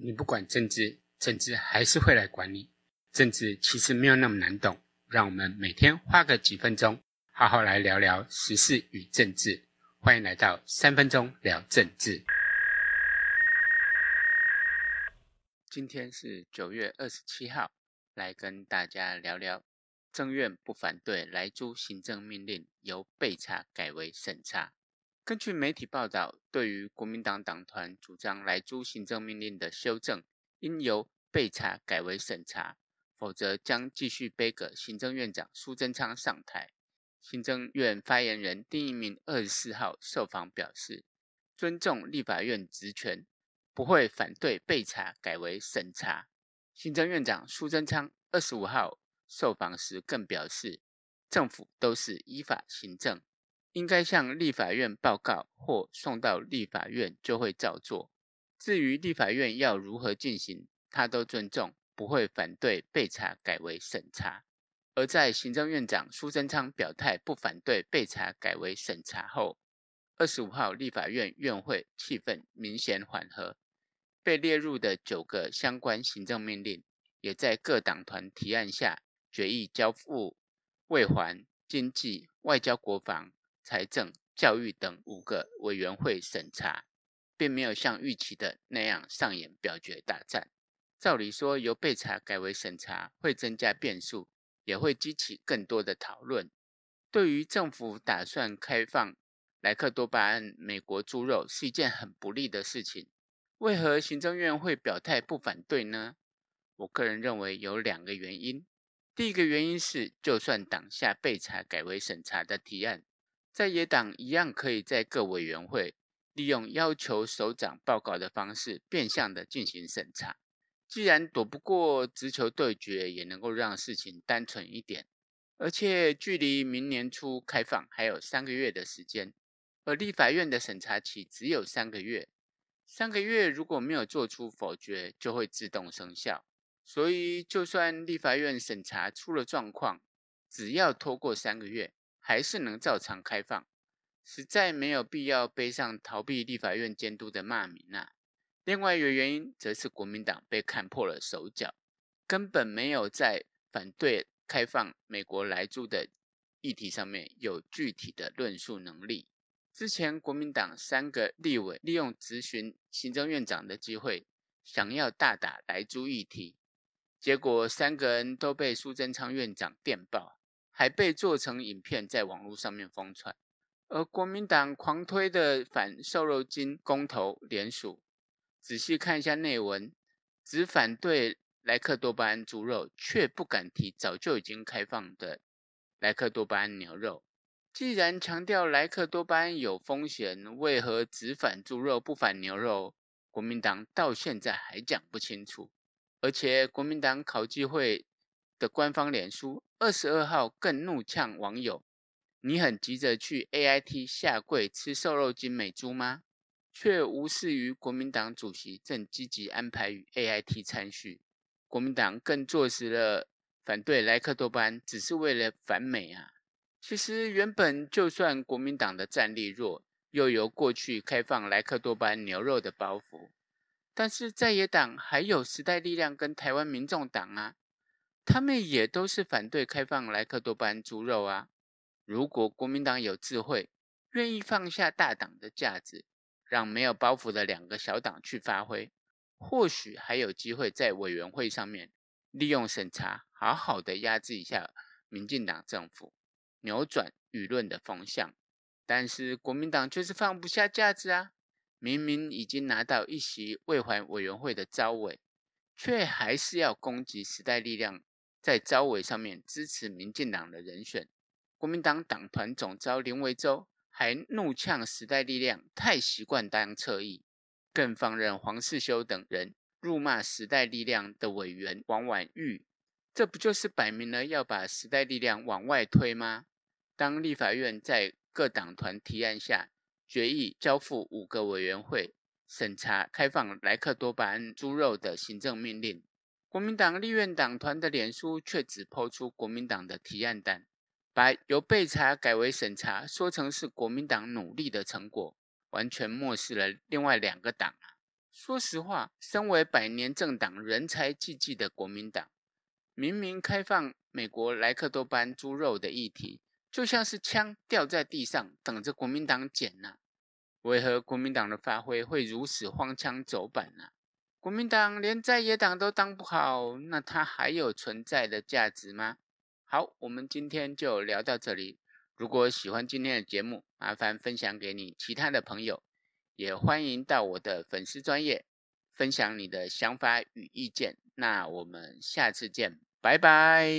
你不管政治，政治還是會來管你。政治其實沒有那麼難懂，讓我們每天花個幾分鐘，好好來聊聊時事與政治。歡迎來到三分鐘聊政治。今天是九月二十七號，來跟大家聊聊：政院不反對萊豬行政命令由備查改為審查。根據媒體報道，對於國民黨黨團主張萊豬行政命令的修正，應由備查改為審查，否則將繼續杯葛行政院長蘇貞昌上台。行政院發言人丁一明二十四號受訪表示，尊重立法院職權，不會反對備查改為審查。行政院長蘇貞昌二十五號受訪時更表示，政府都是依法行政。應該向立法院報告，或送到立法院，就會照做。至於立法院要如何進行，他都尊重，不會反對備查改為審查。而在行政院長蘇貞昌表態不反對備查改為審查後，二十五號立法院院會氣氛明顯緩和，被列入的九個相關行政命令，也在各黨團提案下決議交付衛環、經濟、外交、國防、財政、教育等五個委員會審查，並沒有像預期的那樣上演表決大戰。照理說，由備查改為審查會增加變數，也會激起更多的討論。對於政府打算開放萊克多巴胺美國豬肉是一件很不利的事情。為何行政院會表態不反對呢？我個人認為有兩個原因。第一個原因是，就算擋下備查改為審查的提案。在野黨一樣可以在各委員會利用要求首長報告的方式，變相的進行審查。既然躲不過直球對決，也能夠讓事情單純一點。而且距離明年初開放還有三個月的時間，而立法院的審查期只有三個月。三個月如果沒有做出否決，就會自動生效。所以，就算立法院審查出了狀況，只要拖過三個月。還是能照常開放，實在沒有必要背上逃避立法院監督的罵名啊！另外一個原因，則是國民黨被看破了手腳，根本沒有在反對開放美國萊豬的議題上面有具體的論述能力。之前國民黨三個立委利用質詢行政院長的機會，想要大打萊豬議題，結果三個人都被蘇貞昌院長電報。還被做成影片在網絡上面瘋傳，而國民黨狂推的反瘦肉精公投聯署，仔細看一下內文，只反對萊克多巴胺豬肉，卻不敢提早就已經開放的萊克多巴胺牛肉。既然強調萊克多巴胺有風險，為何只反豬肉不反牛肉？國民黨到現在還講不清楚，而且國民黨考紀會的官方臉書二十二號更怒嗆網友：“你很急着去 AIT 下跪吃瘦肉精美豬嗎？”卻無視於國民黨主席正積極安排與 AIT 餐敘，國民黨更坐實了反對萊克多巴胺只是為了反美啊！其實原本就算國民黨的戰力弱，又有過去開放萊克多巴胺牛肉的包袱，但是在野黨還有時代力量跟台灣民眾黨啊。他們也都是反對開放萊克多巴胺豬肉啊！如果國民黨有智慧，願意放下大黨的架子，讓沒有包袱的兩個小黨去發揮，或許還有機會在委員會上面利用審查，好好的壓制一下民進黨政府，扭轉輿論的風向。但是國民黨就是放不下架子啊！明明已經拿到一席衛環委員會的召委，卻還是要攻擊時代力量。在召委上面支持民進黨的人選，國民黨黨團總召林為洲還怒嗆時代力量太習慣當側翼，更放任黃士修等人辱罵時代力量的委員王婉諭，這不就是擺明了要把時代力量往外推嗎？當立法院在各黨團提案下決議交付五個委員會審查開放萊克多巴胺豬肉的行政命令。國民黨立院黨團的臉書卻只拋出國民黨的提案單，把由備查改為審查說成是國民黨努力的成果，完全漠視了另外兩個黨啊！說實話，身為百年政黨、人才濟濟的國民黨，明明開放美國萊克多巴胺豬肉的議題，就像是槍掉在地上，等着國民黨撿吶、啊？為何國民黨的發揮會如此荒腔走板呢、啊？國民黨連在野黨都當不好，那他還有存在的價值嗎？好，我們今天就聊到這裡。如果喜歡今天的節目，麻煩分享給你其他的朋友，也歡迎到我的粉絲專頁分享你的想法與意見。那我們下次見，拜拜！